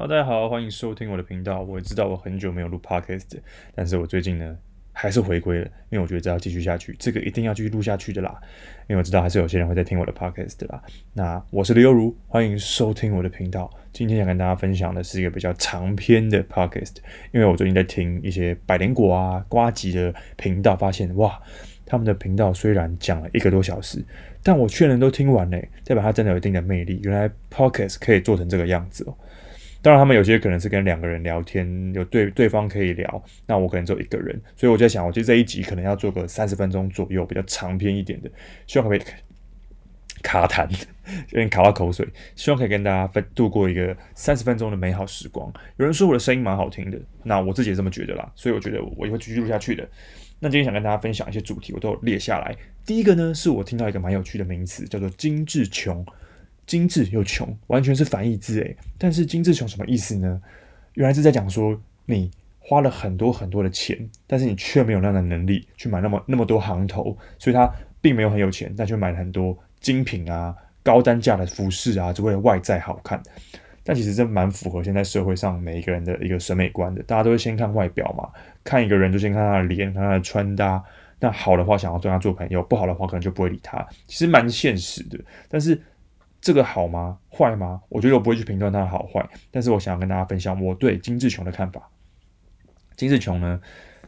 大家好，歡迎收聽我的頻道。我也知道我很久沒有錄 podcast，但是我最近呢還是回歸了，因為我覺得這樣繼續下去，這個一定要繼續錄下去的啦。因為我知道還是有些人會在聽我的 podcast 啦。那我是劉優如，歡迎收聽我的頻道。今天想跟大家分享的是一個比較長篇的 podcast，因為我最近在聽一些百靈果啊呱吉的頻道，發現哇，他們的頻道雖然講了一個多小時，但我確認都聽完了，代表它真的有一定的魅力。原來 podcast 可以做成這個樣子哦。當然，他們有些可能是跟兩個人聊天，有對對方可以聊，那我可能只有一個人，所以我在想，我覺得這一集可能要做個三十分鐘左右，比較長篇一點的，希望可以，可以卡痰，有點卡到口水，希望可以跟大家度度過一個三十分鐘的美好時光。有人說我的聲音蠻好聽的，那我自己也這麼覺得啦，所以我覺得我也會繼續錄下去的。那今天想跟大家分享一些主題，我都列下來。第一個呢，是我聽到一個蠻有趣的名詞，叫做「精緻窮」。精緻又窮，完全是反義詞誒。但是“精緻窮”什麼意思呢？原來是在講說，你花了很多很多的錢，但是你卻沒有那樣的能力去買那麼那麼多行頭，所以他並沒有很有錢，但卻買了很多精品啊、高單價的服飾啊，只為了外在好看。但其實這蠻符合現在社會上每一個人的一個審美觀的，大家都會先看外表嘛，看一個人就先看他的臉、看他的穿搭。那好的話，想要跟他做朋友；不好的話，可能就不會理他。其實蠻現實的，但是。這個好嗎？壞嗎？我覺得我不會去評斷它的好壞，但是我想要跟大家分享我對精緻窮的看法。精緻窮呢，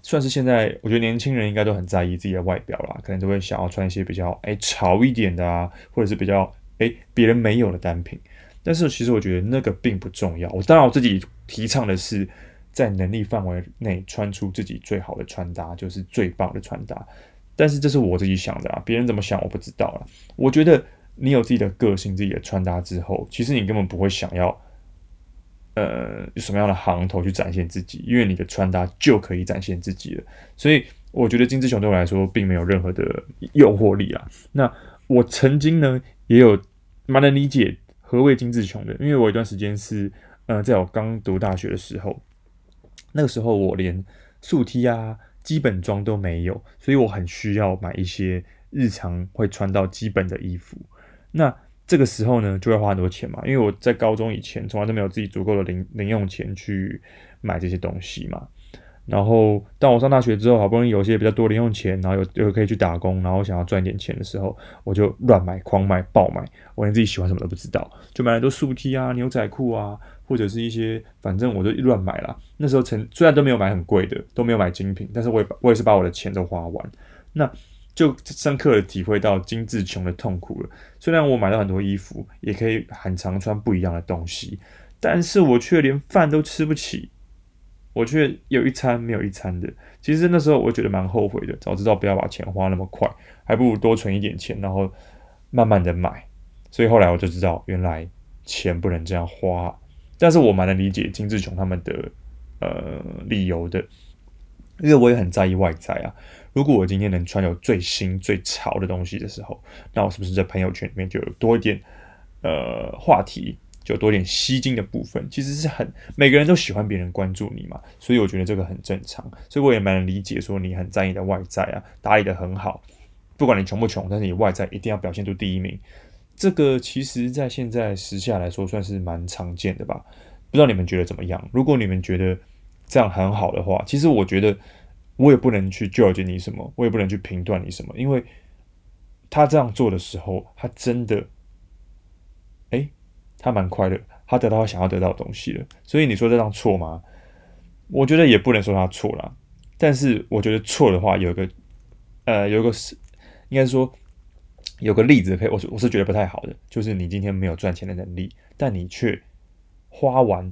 算是現在我覺得年輕人應該都很在意自己的外表啦，可能都會想要穿一些比較哎潮一點的啊，或者是比較哎別人沒有的單品。但是其實我覺得那個並不重要。我當然我自己提倡的是，在能力範圍內穿出自己最好的穿搭，就是最棒的穿搭。但是這是我自己想的啊，別人怎麼想我不知道了，啊。我覺得。你有自己的個性、自己的穿搭之後，其實你根本不會想要，呃，什麼樣的行頭去展現自己，因為你的穿搭就可以展現自己了。所以，我覺得精緻窮對我來說並沒有任何的誘惑力啊。那我曾經呢，也有蠻能理解何謂精緻窮的，因為我有一段時間是，呃，在我剛讀大學的時候，那個時候我連素 T 啊、基本裝都沒有，所以我很需要買一些日常會穿到基本的衣服。那這個時候呢，就會花很多錢嘛，因為我在高中以前從來都沒有自己足夠的零零用錢去買這些東西嘛。然後，當我上大學之後，好不容易有些比較多零用錢，然後又有，有可以去打工，然後想要賺點錢的時候，我就亂買、狂買、爆買，我連自己喜歡什麼都不知道，就買了很多素 T 啊、牛仔褲啊，或者是一些反正我都亂買了。那時候成，雖然都沒有買很貴的，都沒有買精品，但是我也我也是把我的錢都花完。那。就深刻的體會到精緻窮的痛苦了。雖然我買了很多衣服，也可以很常穿不一樣的東西，但是我卻連飯都吃不起，我卻有一餐沒有一餐的。其實那時候我覺得蠻後悔的，早知道不要把錢花那麼快，還不如多存一點錢，然後慢慢的買。所以後來我就知道，原來錢不能這樣花。但是我蠻能理解精緻窮他們的呃理由的，因為我也很在意外在啊。如果我今天能穿有最新最潮的東西的時候，那我是不是在朋友圈裡面就有多一點，呃，話題就有多一點吸睛的部分？其實是很每個人都喜歡別人關注你嘛，所以我覺得這個很正常。所以我也蠻能理解，說你很在意的外在啊，打理得很好，不管你窮不窮，但是你外在一定要表現出第一名。這個其實在現在時下來說算是蠻常見的吧？不知道你們覺得怎麼樣？如果你們覺得這樣很好的話，其實我覺得。我也不能去糾結你什麼，我也不能去評斷你什麼，因為他這樣做的時候，他真的，哎、欸，他蠻快樂，他得到他想要得到的東西了。所以你說這樣錯嗎？我覺得也不能說他錯啦，但是我覺得錯的話，有個，呃，有個是應該說，有個例子，可以，我是我是覺得不太好的，就是你今天沒有賺錢的能力，但你卻花完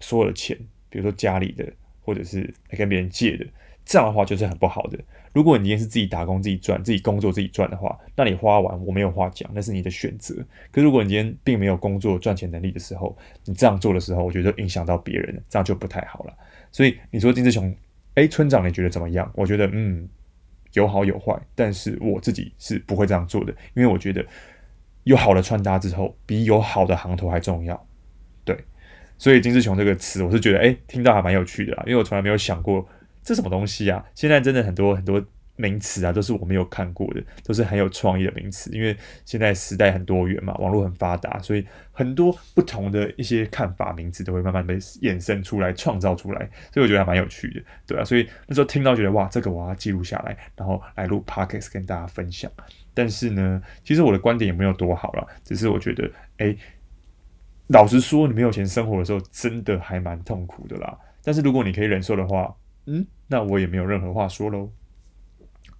所有的錢，比如說家裡的，或者是還跟別人借的。這樣的話就是很不好的。如果你今天是自己打工，自己賺，自己工作，自己賺的話，那你花完我沒有話講，那是你的選擇。可是如果你今天並沒有工作賺錢能力的時候，你這樣做的時候，我覺得影響到別人，這樣就不太好了。所以你說精緻窮，哎，村長，你覺得怎麼樣？我覺得嗯，有好有壞，但是我自己是不會這樣做的，因為我覺得有好的穿搭之後，比有好的行頭還重要。對，所以精緻窮這個詞，我是覺得哎，聽到還蠻有趣的啊，因為我從來沒有想過。這什麼東西啊？現在真的很多很多名詞啊，都是我沒有看過的，都是很有創意的名詞。因為現在時代很多元嘛，網絡很發達，所以很多不同的一些看法、名詞都會慢慢被衍生出來、創造出來。所以我覺得還蠻有趣的，對啊，所以那時候聽到覺得哇，這個我要記錄下來，然後來錄 Podcast 跟大家分享。但是呢，其實我的觀點也沒有多好啦，只是我覺得，誒，老實說，你沒有錢生活的時候，真的還蠻痛苦的啦。但是如果你可以忍受的話，嗯，那我也沒有任何話說嘍。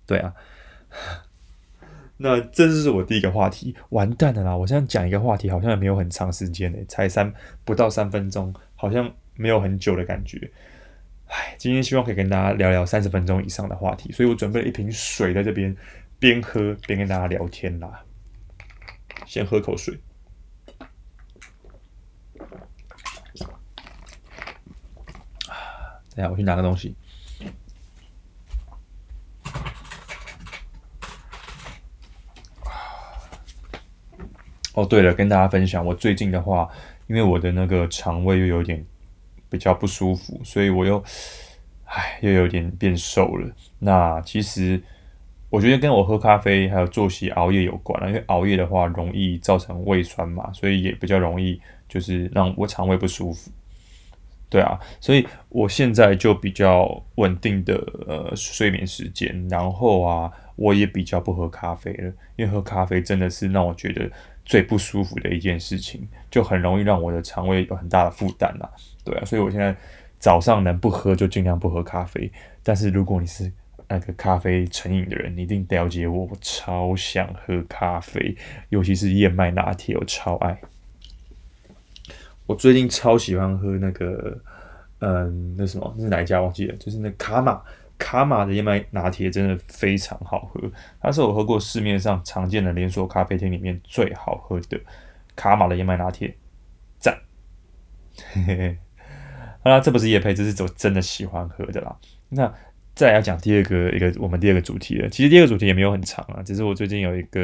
對啊， 那這就是我第一個話題，完蛋了啦！我現在講一個話題，好像也沒有很長時間呢、欸，才三不到三分鐘，好像沒有很久的感覺。唉，今天希望可以跟大家聊聊三十分鐘以上的話題，所以我準備了一瓶水在這邊，邊喝邊跟大家聊天啦。先喝口水。等下我去拿個東西。哦，對了，跟大家分享，我最近的話，因為我的那個腸胃又有點比較不舒服，所以我又，哎，又有點變瘦了。那其實我覺得跟我喝咖啡還有作息熬夜有關啊，因為熬夜的話容易造成胃酸嘛，所以也比較容易就是讓我腸胃不舒服。對啊，所以我現在就比較穩定的呃睡眠時間，然後啊，我也比較不喝咖啡了，因為喝咖啡真的是讓我覺得最不舒服的一件事情，就很容易讓我的腸胃有很大的負擔吶啊。對啊，所以我現在早上能不喝就盡量不喝咖啡，但是如果你是那個咖啡成癮的人，你一定了解我，我超想喝咖啡，尤其是燕麥拿鐵，我超愛。我最近超喜歡喝那個，嗯，那什麼，那是哪一家忘記了？就是那卡瑪，卡瑪的燕麥拿鐵真的非常好喝，它是我喝過市面上常見的連鎖咖啡廳裡面最好喝的，卡瑪的燕麥拿鐵，讚。好 啦、啊、這不是業配，這是我真的喜歡喝的啦。那再來要講第二個一個我們第二個主題了，其實第二個主題也沒有很長啊，只是我最近有一個。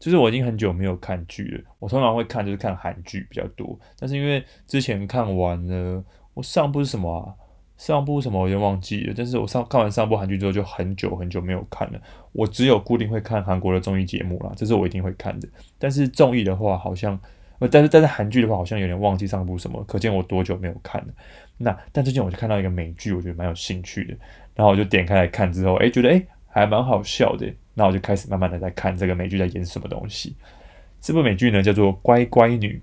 就是我已經很久沒有看劇了，我通常會看就是看韓劇比較多，但是因為之前看完了，我上部是什麼啊？上部什麼我就忘記了，但是我上看完上部韓劇之後就很久很久沒有看了，我只有固定會看韓國的綜藝節目了，這是我一定會看的，但是綜藝的話好像，呃、但是但是韓劇的話好像有點忘記上部什麼了，可見我多久沒有看了。那但最近我就看到一個美劇，我覺得蠻有興趣的，然後我就點開來看之後，哎、欸，覺得哎、欸，還蠻好笑的。那我就開始慢慢的在看這個美劇在演什麼東西。這部美劇呢，叫做《乖乖女》，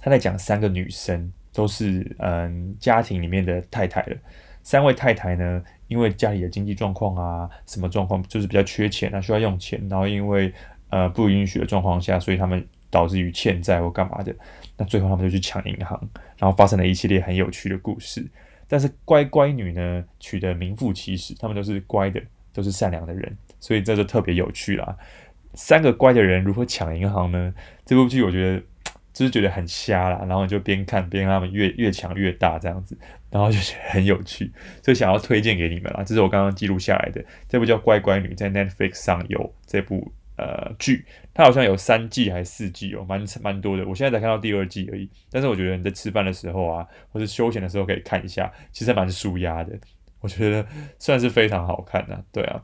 她在講三個女生，都是嗯家庭裡面的太太了。三位太太呢，因為家裡的經濟狀況啊，什麼狀況，就是比較缺錢啊，需要用錢。然後因為呃不允許的狀況下，所以他們導致於欠債或幹嘛的。那最後他們就去搶銀行，然後發生了一系列很有趣的故事。但是乖乖女呢，取得名副其實，她們都是乖的，都是善良的人。所以這就特別有趣啦。三個乖的人如何搶銀行呢？這部劇我覺得就是覺得很瞎啦，然後你就邊看邊他們越越搶越大這樣子，然後就是很有趣，所以想要推薦給你們啦。這是我剛剛記錄下來的這部叫《乖乖女》，在 Netflix 上有這部呃劇，它好像有三季還是四季哦，蠻蠻多的。我現在才看到第二季而已，但是我覺得你在吃飯的時候啊，或是休閒的時候可以看一下，其實蠻舒壓的。我覺得算是非常好看的，啊，對啊。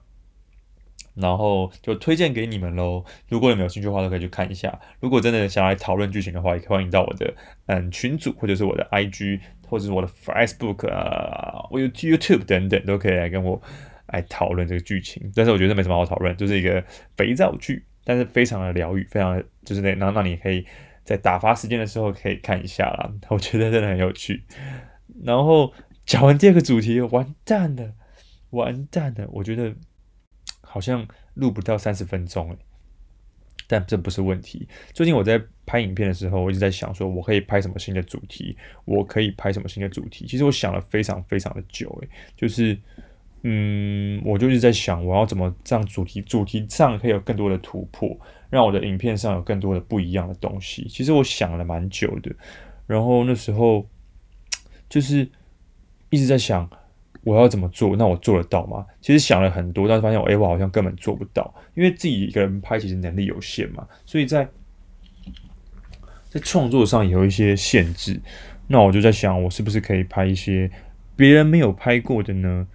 然後就推薦給你們嘍。如果你沒有興趣的話，都可以去看一下。如果真的想來討論劇情的話，也可以歡迎到我的嗯群組，或者是我的 IG，或者是我的 Facebook 啊，YouTube 等等，都可以來跟我來討論這個劇情。但是我覺得沒什麼好討論，就是一個肥皂劇，但是非常的療癒，非常的就是那，然後你可以在打發時間的時候可以看一下啦。我覺得真的很有趣。然後講完第二個主題，完蛋了，完蛋了，我覺得。好像錄不到三十分鐘誒，但這不是問題。最近我在拍影片的時候，我一直在想，說我可以拍什麼新的主題？我可以拍什麼新的主題？其實我想了非常非常的久誒，就是，嗯，我就一直在想，我要怎麼讓主題主題上可以有更多的突破，讓我的影片上有更多的不一樣的東西。其實我想了蠻久的，然後那時候就是一直在想。我要怎麼做？那我做得到嗎？其實想了很多，但是發現我哎、欸，我好像根本做不到，因為自己一個人拍，其實能力有限嘛，所以在在創作上有一些限制。那我就在想，我是不是可以拍一些別人沒有拍過的呢？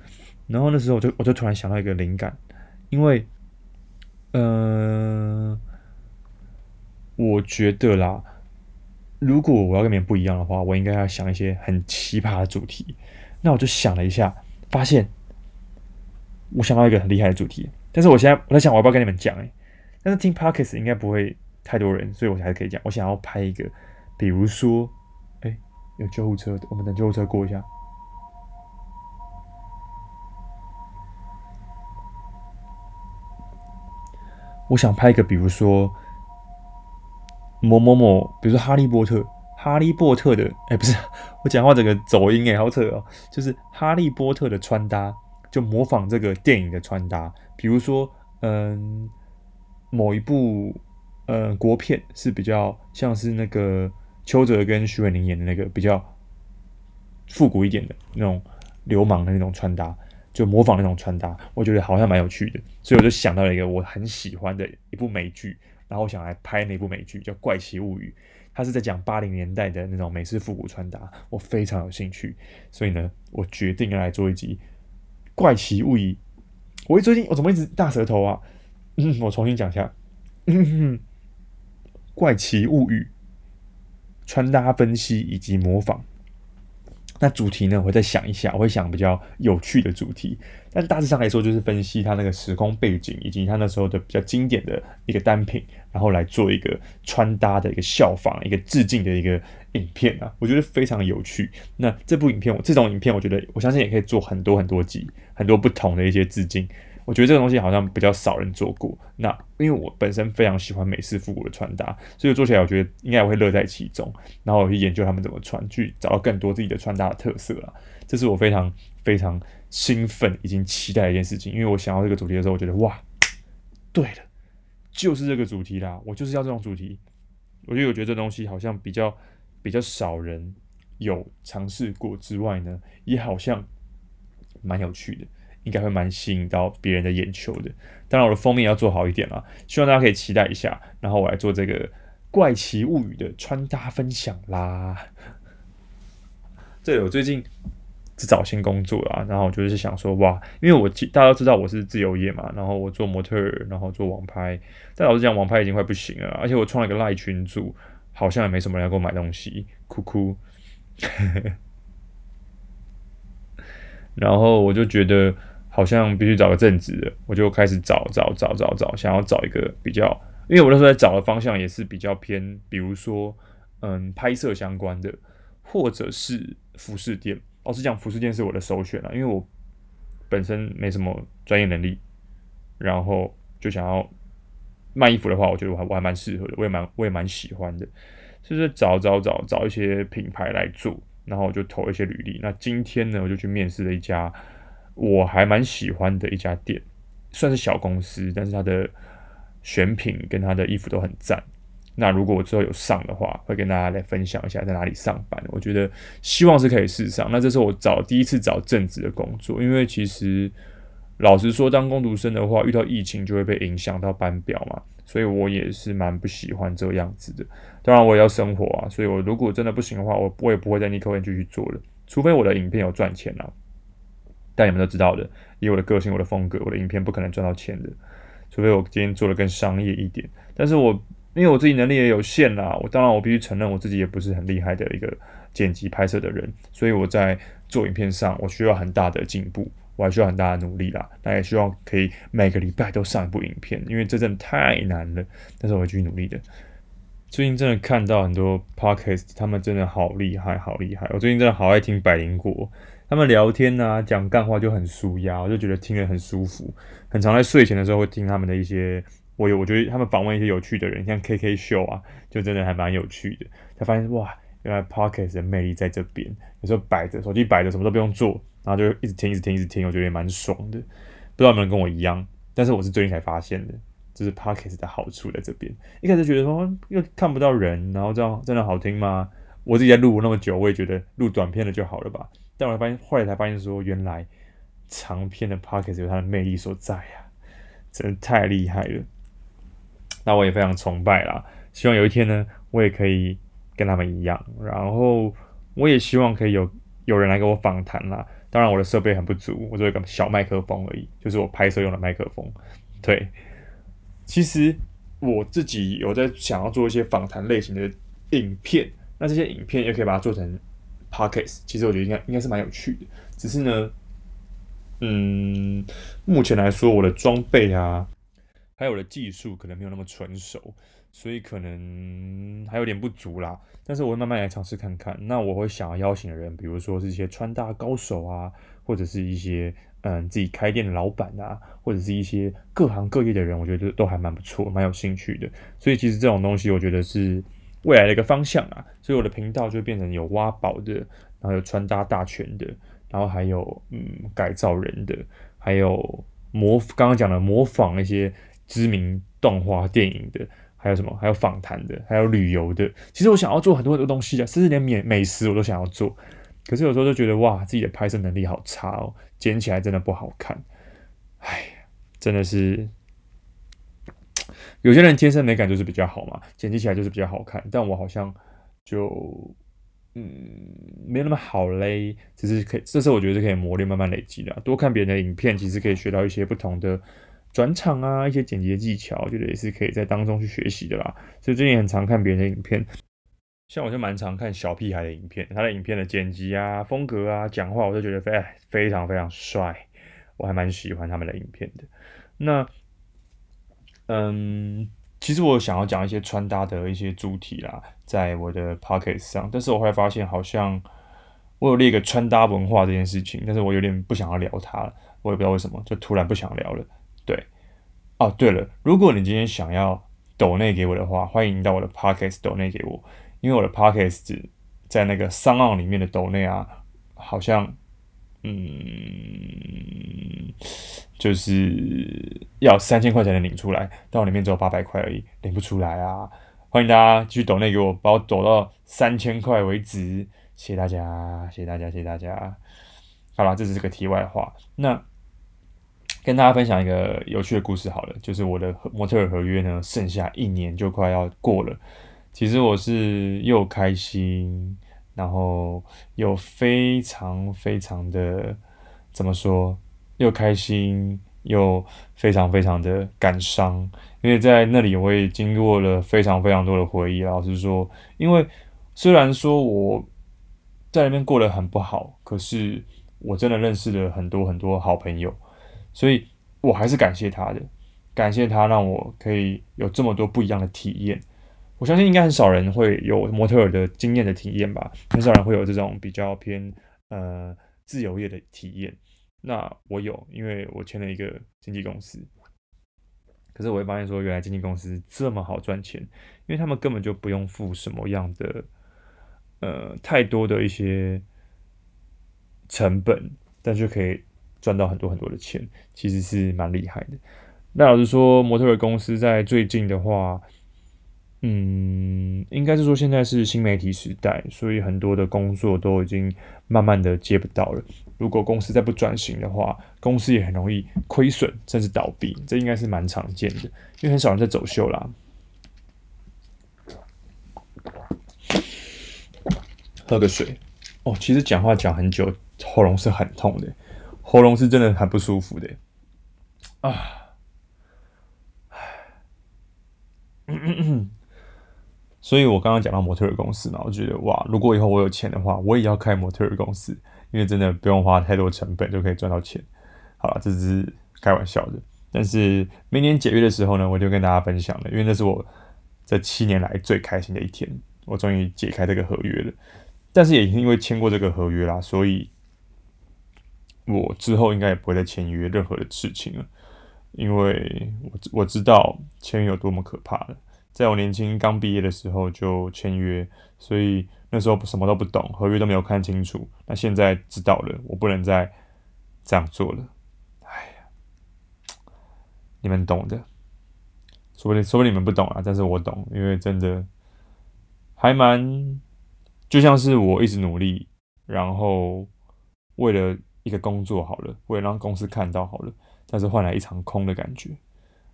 然後那時候，我就我就突然想到一個靈感，因為嗯、呃，我覺得啦，如果我要跟別人不一樣的話，我應該要想一些很奇葩的主題。那我就想了一下，發現我想到一個很厲害的主題，但是我現在我在想，我要不要跟你們講、欸？但是聽 Parkes 應該不會太多人，所以我還是可以講。我想要拍一個，比如說，哎、欸，有救護車，我們等救護車過一下。我想拍一個，比如說某某某，比如說《哈利波特》。哈利波特的，哎，不是我講話整個走音哎，好扯哦！就是哈利波特的穿搭，就模仿這個電影的穿搭。比如說，嗯、呃，某一部，嗯、呃，國片是比較像是那個邱澤跟許瑋甯演的那個比較複古一點的那種流氓的那種穿搭，就模仿那種穿搭，我覺得好像蠻有趣的。所以我就想到了一個我很喜歡的一部美劇，然後想來拍那部美劇，叫《怪奇物語》。他是在講八零年代的那種美式復古穿搭，我非常有興趣，所以呢，我決定要來做一集《怪奇物語》。我一最近我怎麼一直大舌頭啊？嗯，我重新講一下，嗯，《怪奇物語》穿搭分析以及模仿。那主題呢，我會再想一下，我會想比較有趣的主題。但大致上來說，就是分析它那個時空背景，以及它那時候的比較經典的一個單品，然後來做一個穿搭的一個效仿，一個致敬的一個影片啊。我覺得非常有趣。那這部影片，我這種影片，我覺得我相信也可以做很多很多集，很多不同的一些致敬。我覺得這個東西好像比較少人做過。那因為我本身非常喜歡美式復古的穿搭，所以做起來我覺得應該會樂在其中。然後我去研究他們怎麼穿，去找到更多自己的穿搭的特色啊，這是我非常非常興奮、已經期待的一件事情。因為我想要這個主題的時候，我覺得哇，對了，就是這個主題啦！我就是要這種主題。我覺得，我覺得這個東西好像比較比較少人有嘗試過之外呢，也好像蠻有趣的。應該會蠻吸引到別人的眼球的，當然我的封面要做好一點啦，希望大家可以期待一下，然後我來做這個怪奇物語的穿搭分享啦。對， 我最近在找新工作啊，然後我就是想說哇，因為我大家都知道我是自由業嘛，然後我做模特，然後做網拍，但老實講，網拍已經快不行了，而且我創了一個賴群組，好像也沒什麼人要給我買東西，哭哭。 然後我就覺得。好像必須找個正職的，我就開始找找找找找，想要找一個比較，因為我那時候在找的方向也是比較偏，比如說嗯，拍攝相關的，或者是服飾店，老、哦、實講，服飾店是我的首選了、啊，因為我本身沒什麼專業能力，然後就想要賣衣服的話，我覺得我還我還蠻適合的，我也蠻我也蠻喜歡的，就是找找找找一些品牌來做，然後我就投一些履歷。那今天呢，我就去面試了一家。我還蠻喜歡的一家店，算是小公司，但是它的選品跟它的衣服都很贊。那如果我之後有上的話，會跟大家來分享一下在哪裡上班。我覺得希望是可以試上。那這是我找第一次找正職的工作，因為其實老實說，當工讀生的話，遇到疫情就會被影響到班表嘛，所以我也是蠻不喜歡這樣子的。當然，我也要生活啊，所以我如果真的不行的話，我我也不會在 Niko 繼續做了，除非我的影片有賺錢啊。但你們都知道的，以我的個性、我的風格、我的影片，不可能賺到錢的，除非我今天做的更商業一點。但是我因為我自己能力也有限啦，我當然我必須承認我自己也不是很厲害的一個剪輯拍攝的人，所以我在做影片上我需要很大的進步，我還需要很大的努力啦。那也希望可以每個禮拜都上一部影片，因為這真的太難了。但是我會繼續努力的。最近真的看到很多 Podcast，他們真的好厲害，好厲害！我最近真的好愛聽百靈果。他們聊天呢、啊，講幹話就很舒壓，我就覺得聽得很舒服。很常在睡前的時候會聽他們的一些，我有我覺得他們訪問一些有趣的人，像 K K Show 啊，就真的還蠻有趣的。才發現哇，原來 Podcast 的魅力在這邊。有時候擺着手機，擺着什麼都不用做，然後就一直聽，一直聽，一直聽，我覺得也蠻爽的。不知道有沒有跟我一樣？但是我是最近才發現的，就是 Podcast 的好處在這邊。一開始覺得說又看不到人，然後這樣真的好聽嗎？我自己在錄那麼久，我也覺得錄短片的就好了吧。但我發現，後來才發現說，原來長篇的 podcast 有它的魅力所在啊，真的太厲害了。那我也非常崇拜啦，希望有一天呢，我也可以跟他們一樣。然後我也希望可以有有人來給我訪談啦。當然，我的設備很不足，我只有一個小麥克風而已，就是我拍攝用的麥克風。對，其實我自己有在想要做一些訪談類型的影片，那這些影片又可以把它做成。Pockets，其實我覺得應該應該是蠻有趣的，只是呢，嗯，目前來說我的裝備啊，還有我的技術可能沒有那麼純熟，所以可能還有點不足啦。但是我會慢慢來嘗試看看。那我會想要邀請的人，比如說是一些穿搭高手啊，或者是一些嗯自己開店的老板啊，或者是一些各行各業的人，我覺得都還蠻不錯，蠻有興趣的。所以其實這種東西，我覺得是。未來的一個方向啊，所以我的頻道就變成有挖寶的，然後有穿搭大全的，然後還有嗯改造人的，還有模，剛剛講的模仿一些知名動畫電影的，還有什麼？還有訪談的，還有旅遊的。其實我想要做很多很多東西啊，甚至連美美食我都想要做。可是有時候就覺得哇，自己的拍攝能力好差哦，剪起來真的不好看。哎呀，真的是。有些人天生美感就是比較好嘛，剪輯起來就是比較好看。但我好像就嗯，沒有那麼好嘞。只是可以，這是我覺得是可以磨練、慢慢累積的。多看別人的影片，其實可以學到一些不同的轉場啊，一些剪輯的技巧，我覺得也是可以在當中去學習的啦。所以最近很常看別人的影片，像我就蠻常看小屁孩的影片，他的影片的剪輯啊、風格啊、講話，我都覺得非常非常帥，我還蠻喜歡他們的影片的。那。嗯，其實我想要講一些穿搭的一些主題啦，在我的 Podcast 上，但是我後來發現好像我有列個穿搭文化這件事情，但是我有點不想要聊它了，我也不知道為什麼，就突然不想聊了。對，哦，對了，如果你今天想要抖內給我的話，歡迎到我的 Podcast 斗內給我，因為我的 Podcast 在那個 SoundOn 裡面的抖內啊，好像。嗯，就是要三千塊，才能領出來，但我裡面只有八百塊而已，領不出來啊！歡迎大家繼續抖內給我，把我抖到三千塊為止，謝謝大家，謝謝大家，謝謝大家。好啦，這是這個題外話。那跟大家分享一個有趣的故事好了，就是我的模特合約呢，剩下一年就快要過了。其實我是又開心。然後又非常非常的，怎麼說？又開心又非常非常的感傷，因為在那裡我也經過了非常非常多的回憶。老實說，因為雖然說我在那邊過得很不好，可是我真的認識了很多很多好朋友，所以我還是感謝他的，感謝他讓我可以有這麼多不一樣的體驗。我相信應該很少人會有模特兒的經驗的體驗吧，很少人會有這種比較偏呃自由業的體驗。那我有，因為我簽了一個經紀公司。可是我會發現說，原來經紀公司這麼好賺錢，因為他們根本就不用付什麼樣的呃太多的一些成本，但卻可以賺到很多很多的錢，其實是蠻厲害的。那老實說，模特兒公司在最近的話。嗯，應該是說現在是新媒體時代，所以很多的工作都已經慢慢的接不到了。如果公司再不轉型的話，公司也很容易虧損，甚至倒閉，這應該是蠻常見的，因為很少人在走秀啦。喝個水哦，其實講話講很久，喉嚨是很痛的，喉嚨是真的很不舒服的啊。所以，我剛剛講到模特的公司，然後我覺得哇，如果以後我有錢的話，我也要開模特的公司，因為真的不用花太多成本就可以賺到錢。好了，這只是開玩笑的。但是明年解約的時候呢，我就跟大家分享了，因為那是我這七年來最開心的一天，我終於解開這個合約了。但是也因為簽過這個合約啦，所以我之後應該也不會再簽約任何的事情了，因為我我知道簽約有多麼可怕了。在我年輕剛畢業的時候就簽約，所以那時候什麼都不懂，合約都沒有看清楚。那現在知道了，我不能再這樣做了。哎呀，你們懂的，說不定說不定你們不懂啊，但是我懂，因為真的還蠻，就像是我一直努力，然後為了一個工作好了，為了讓公司看到好了，但是換來一場空的感覺，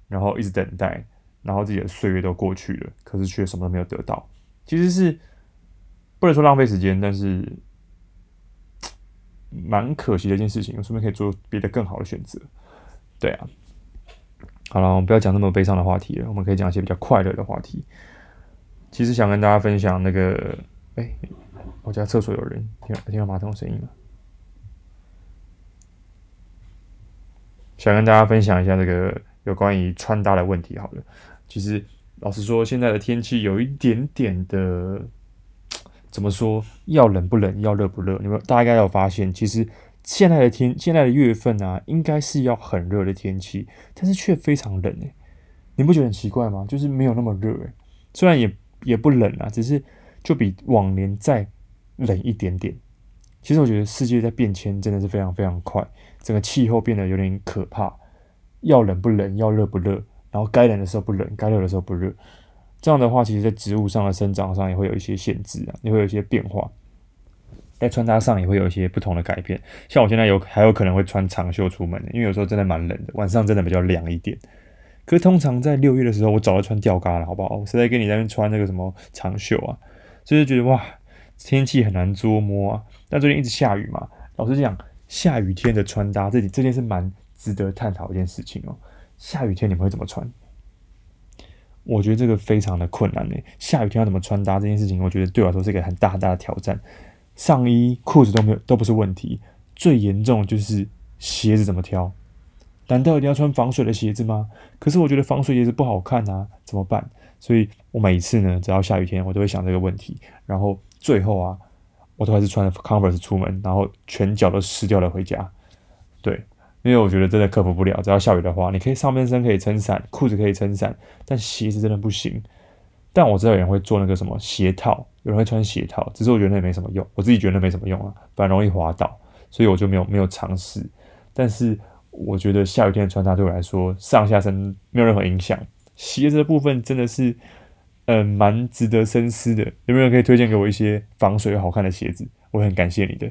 然後一直等待。然後自己的歲月都過去了，可是卻什麼都沒有得到，其實是不能說浪費時間，但是蠻可惜的一件事情。說不定可以做別的更好的選擇，對啊。好了，我們不要講那麼悲傷的話題了，我們可以講一些比較快樂的話題。其實想跟大家分享那個，哎，我家廁所有人，聽到聽到馬桶的聲音了。想跟大家分享一下這個有關於穿搭的問題。好了。其實，老實說，現在的天氣有一點點的，怎麼說？要冷不冷？要熱不熱？你們大概有發現，其實現在的天，現在的月份啊，應該是要很熱的天氣，但是卻非常冷誒。你不覺得很奇怪嗎？就是沒有那麼熱誒，雖然也也不冷啊，只是就比往年再冷一點點。其實我覺得世界在變遷，真的是非常非常快，整個氣候變得有點可怕。要冷不冷？要熱不熱？然後該冷的時候不冷，該熱的時候不熱，這樣的話，其實在植物上的生長上也會有一些限制啊，也會有一些變化，在穿搭上也會有一些不同的改變。像我現在有還有可能會穿長袖出門的，因為有時候真的蠻冷的，晚上真的比較涼一點。可是通常在六月的時候，我早就穿吊嘎了，好不好？誰在跟你在那邊穿那個什麼長袖啊？所以就覺得哇，天氣很難捉摸啊。但最近一直下雨嘛，老實講，下雨天的穿搭，這這件事蠻值得探討一件事情哦。下雨天你們會怎麼穿？我覺得這個非常的困難呢、欸。下雨天要怎麼穿搭這件事情，我覺得對我來說是一個很大很大的挑戰。上衣、褲子都沒有都不是問題，最嚴重就是鞋子怎麼挑？難道一定要穿防水的鞋子嗎？可是我覺得防水鞋子不好看啊，怎麼辦？所以我每一次呢，只要下雨天，我都會想這個問題，然後最後啊，我都還是穿了 Converse 出門，然後全腳都濕掉了回家。對。因為我覺得真的克服不了，只要下雨的話，你可以上半身可以撐傘，褲子可以撐傘，但鞋子真的不行。但我知道有人會做那個什麼鞋套，有人會穿鞋套，只是我覺得那沒什麼用，我自己覺得那沒什麼用啊，反而容易滑倒，所以我就沒有沒有嘗試。但是我覺得下雨天的穿搭對我來說上下身沒有任何影響，鞋子的部分真的是，呃，蠻值得深思的。有沒有人可以推薦給我一些防水又好看的鞋子？我很感謝你的。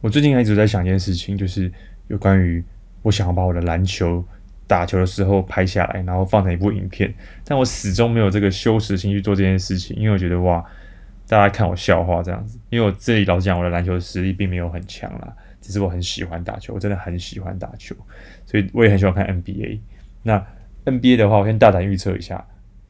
我最近還一直在想一件事情，就是。有關於我想要把我的籃球打球的時候拍下來，然後放成一部影片，但我始終沒有這個羞恥心去做這件事情，因為我覺得哇，大家看我笑話這樣子。因為我這裡老實講，我的籃球實力並沒有很強啦，只是我很喜歡打球，我真的很喜歡打球，所以我也很喜歡看 NBA。那 NBA 的話，我先大膽預測一下，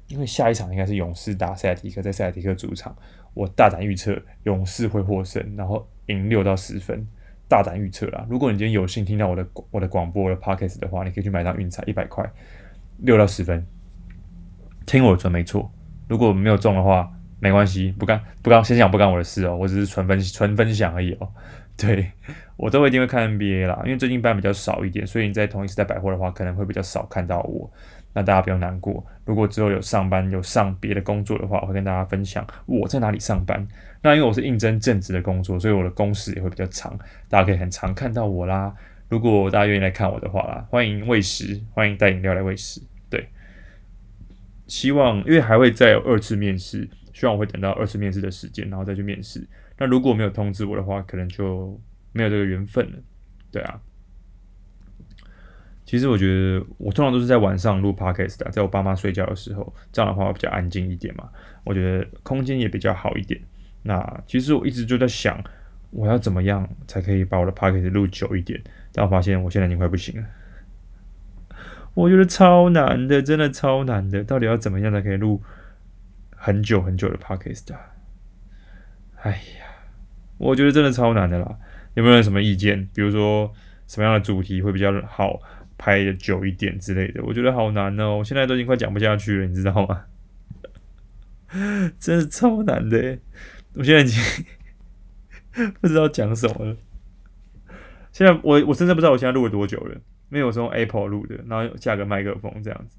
因為下一場應該是勇士打塞爾提克，在塞爾提克主場，我大膽預測勇士會獲勝，然後贏六到十分。大膽預測啦！如果你今天有幸聽到我的我的廣播我的 podcast 的話，你可以去買張運彩，一百塊六到十分，聽我準沒錯。如果沒有中的話，沒關係，不干不干，先講不干我的事哦，我只是純分純分享而已哦。對，我都會一定會看 NBA 啦，因為最近班比較少一點，所以你在統一時代百貨的話，可能會比較少看到我。那大家不用難過，如果之後有上班、有上別的工作的話，我會跟大家分享我在哪裡上班。那因為我是應徵正職的工作，所以我的工時也會比較長，大家可以很常看到我啦。如果大家願意來看我的話啦，歡迎餵食，歡迎帶飲料來餵食。對，希望因為還會再有二次面試，希望我會等到二次面試的時間，然後再去面試。那如果沒有通知我的話，可能就沒有這個緣分了。對啊，其實我覺得我通常都是在晚上錄 Podcast 的，在我爸媽睡覺的時候，這樣的話會比較安靜一點嘛，我覺得空間也比較好一點。那其實我一直就在想，我要怎麼樣才可以把我的 podcast 錄久一點？但我發現我現在已經快不行了。我覺得超難的，真的超難的。到底要怎麼樣才可以錄很久很久的 podcast 哎、啊、呀，我覺得真的超難的啦！有沒有什麼意見？比如說什麼樣的主題會比較好，拍的久一點之類的？我覺得好難哦，我現在都已經快講不下去了，你知道嗎？真的超難的、欸。我現在已經不知道講什麼了。現在我我真的不知道我現在錄了多久了。沒有用 Apple 錄的，然後架個麥克風這樣子。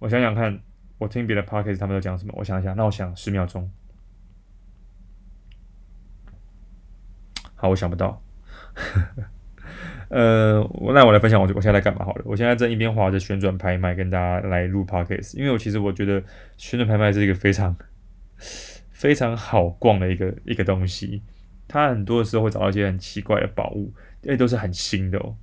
我想想看，我聽別的 Podcast 他們都講什麼。我想想，那我想十秒鐘。好，我想不到。 呃，我那我來分享我我現在在幹嘛好了。我現在正一邊滑着旋轉拍賣跟大家來錄 Podcast，因為我其實我覺得旋轉拍賣是一個非常非常好逛的一個一個東西，他很多的時候會找到一些很奇怪的寶物，因為都是很新的哦。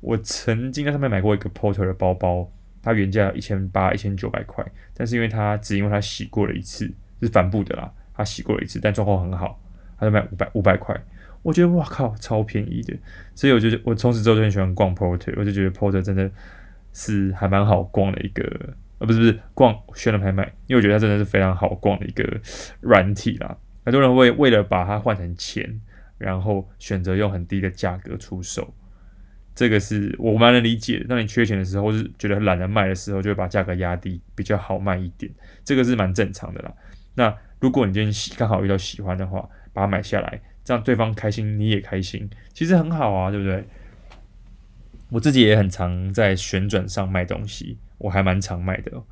我曾經在上面買過一個 Porter 的包包，它原價一千八、一千九百塊，但是因為它只因為它洗過了一次，是帆布的啦，它洗過了一次，但狀況很好，它就賣五百五百塊，我覺得哇靠，超便宜的，所以我覺得我從此之後就很喜歡逛 Porter，我就覺得 Porter 真的是還蠻好逛的一個。呃、啊，不是不是，逛旋轉拍賣，因為我覺得它真的是非常好逛的一個軟體啦。很多人會為、為了把它換成錢，然後選擇用很低的價格出售。這個是我蠻能理解的。當你缺錢的時候，是覺得懶得賣的時候，就會把價格壓低，比較好賣一點，這個是蠻正常的啦。那如果你今天剛好遇到喜歡的話，把它買下來，這樣對方開心，你也開心，其實很好啊，對不對？我自己也很常在旋轉上賣東西。我還蠻常賣的哦，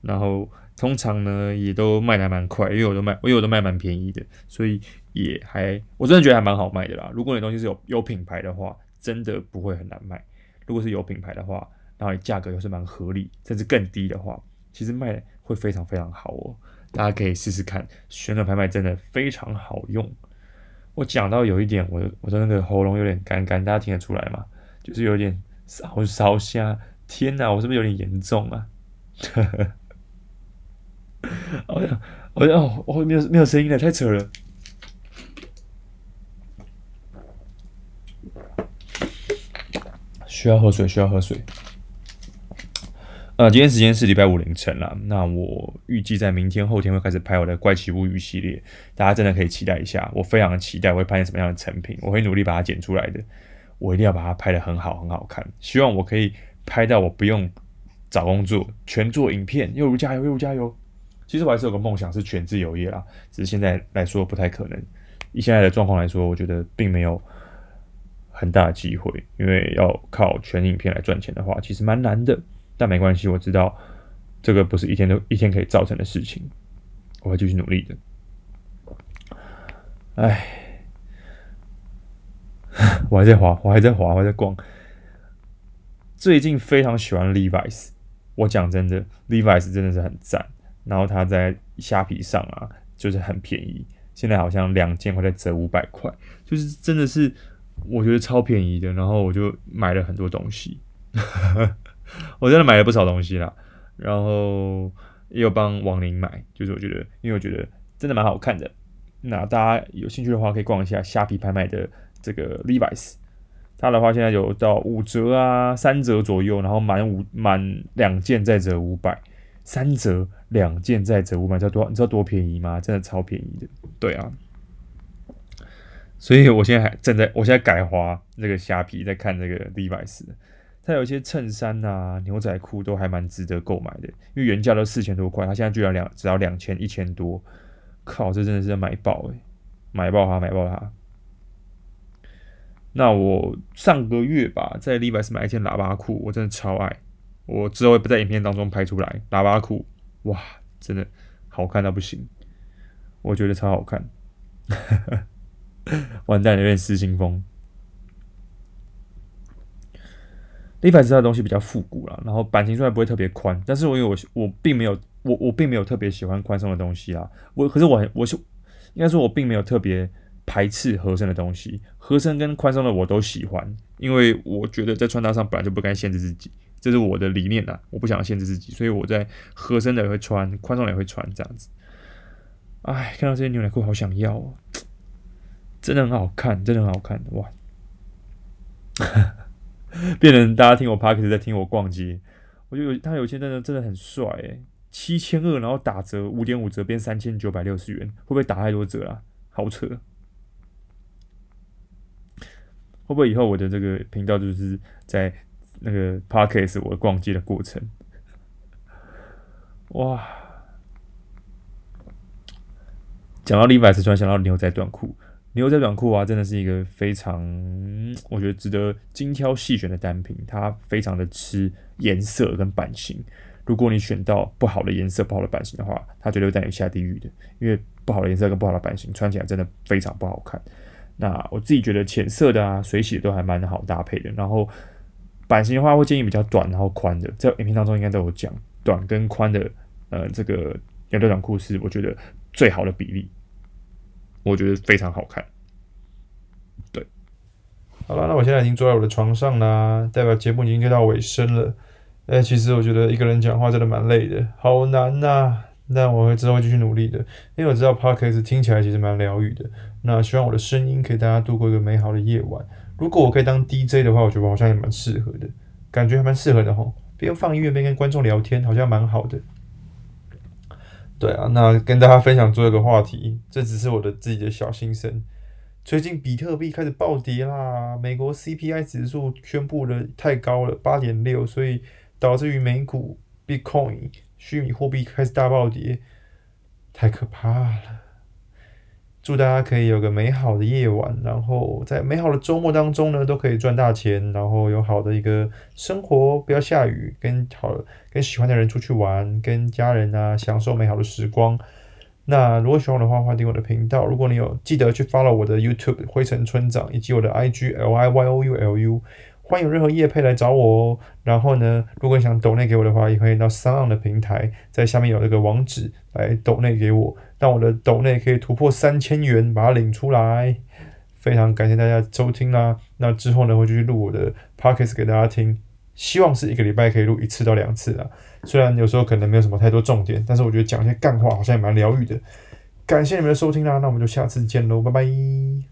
然後通常呢也都賣的還蠻快，因為我都賣，因為我都賣蠻便宜的，所以也還，我真的覺得還蠻好賣的啦。如果你東西是有有品牌的話，真的不會很難賣。如果是有品牌的話，然後價格又是蠻合理，甚至更低的話，其實賣會非常非常好哦。大家可以試試看，旋轉拍賣真的非常好用。我講到有一點，我我的那個喉嚨有點乾干，大家聽得出來嗎？就是有點燒燒蝦。天哪，我是不是有點嚴重啊？呵呵，好像哦，我、哦哦、沒有沒有聲音了，太扯了。需要喝水，需要喝水。呃，今天時間是禮拜五凌晨了，那我預計在明天後天會開始拍我的怪奇物語系列，大家真的可以期待一下，我非常期待我會拍什麼樣的成品，我會努力把它剪出來的，我一定要把它拍得很好很好看，希望我可以。拍到我不用找工作，全做影片。又如加油，又如加油。其實我還是有個夢想是全自由業啦，只是現在來說不太可能。以現在的狀況來說，我覺得並沒有很大的機會，因為要靠全影片來賺錢的話，其實蠻難的。但沒關係，我知道這個不是一天都一天可以造成的事情。我會繼續努力的。唉，我還在滑，我還在滑，我還在逛。最近非常喜歡 Levi's，我講真的，Levi's 真的是很贊。然後他在蝦皮上啊，就是很便宜，現在好像兩千塊在折五百塊，就是真的是我覺得超便宜的。然後我就買了很多東西， 我真的買了不少東西啦。然後也有幫王林買，就是我覺得因為我覺得真的蠻好看的。那大家有興趣的話，可以逛一下蝦皮拍賣的這個 Levi's。它的話現在有到五折啊，三折左右，然後滿五滿兩件再折五百，三折兩件再折五百，你知道多？你知道多便宜嗎？真的超便宜的，對啊。所以我現在還正在，我現在改華那個蝦皮，在看這個 Levi's，它有一些襯衫啊、牛仔褲都還蠻值得購買的，因為原價都四千多塊，它現在居然兩隻要兩千一千多，靠，這真的是買爆誒、欸，買爆它、啊，買爆它、啊。那我上個月吧，在 Levi's 買一件喇叭褲，我真的超愛。我之後也不在影片當中拍出來。喇叭褲，哇，真的好看到不行，我覺得超好看。 完蛋了，有點失心瘋。Levi's 的東西比較復古啦，然後版型雖然不會特別寬，但是我因為我我並沒有我我並沒有特別喜歡寬鬆的東西啊。我可是我很我是應該說，我並沒有特別。排斥合身的東西，合身跟寬鬆的我都喜歡，因為我覺得在穿搭上本來就不該限制自己，這是我的理念啊。我不想要限制自己，所以我在合身的也會穿，寬鬆的也會穿，這樣子。哎，看到這件牛仔褲好想要哦，喔，真的很好看，真的很好看，哇！ 變成大家聽我 podcast 在聽我逛街，我覺得有他有些真的真的很帥、欸，七千二然後打折五點五折變三千九百六十元，會不會打太多折啊？好扯。會不會以後我的這個頻道就是在那個 podcast 我逛街的過程？哇！講到 Levi's，穿，突然想到牛仔短褲。牛仔短褲啊，真的是一個非常我覺得值得精挑細選的單品。它非常的吃顏色跟版型。如果你選到不好的顏色、不好的版型的話，它絕對會帶你下地獄的。因為不好的顏色跟不好的版型，穿起來真的非常不好看。那我自己覺得淺色的啊，水洗的都還蠻好搭配的。然後版型的話，會建議比較短，然後寬的。在影片當中應該都有講，短跟寬的，呃，這個兩條短褲是我覺得最好的比例，我覺得非常好看。對，好了，那我現在已經坐在我的床上啦，代表節目已經快到尾聲了。哎，其實我覺得一個人講話真的蠻累的，好難啊。那我會之後繼續努力的，因為我知道 podcast 聽起來其實蠻療癒的。那希望我的聲音可以大家度過一個美好的夜晚。如果我可以當 DJ 的話，我覺得好像也蠻適合的，感覺還蠻適合的吼。邊放音樂邊跟觀眾聊天，好像蠻好的。對啊，那跟大家分享最後一個話題，這只是我的自己的小心聲。最近比特幣開始暴跌啦，美國 CPI 指數宣布了太高了，八點六，所以導致於美股 Bitcoin 虛擬貨幣開始大暴跌，太可怕了。祝大家可以有個美好的夜晚，然後在美好的週末當中呢，都可以賺大錢，然後有好的一個生活。不要下雨，跟好跟喜歡的人出去玩，跟家人啊享受美好的時光。那如果喜歡我的話，歡迎訂閱我的頻道。如果你有記得去 follow 我的 YouTube 灰塵村長以及我的 IG L I Y O U L U。歡迎任何業配來找我哦。然後呢，如果你想鬥內給我的話，也可以到三浪的平台，在下面有那個網址來鬥內給我，讓我的斗內可以突破三千元，把它領出來。非常感謝大家收聽啦！那之後呢，會繼續錄我的 podcast 給大家聽。希望是一個禮拜可以錄一次到兩次啊。雖然有時候可能沒有什麼太多重點，但是我覺得講一些幹話好像也蠻療癒的。感謝你們的收聽啦！那我們就下次見嘍，拜拜。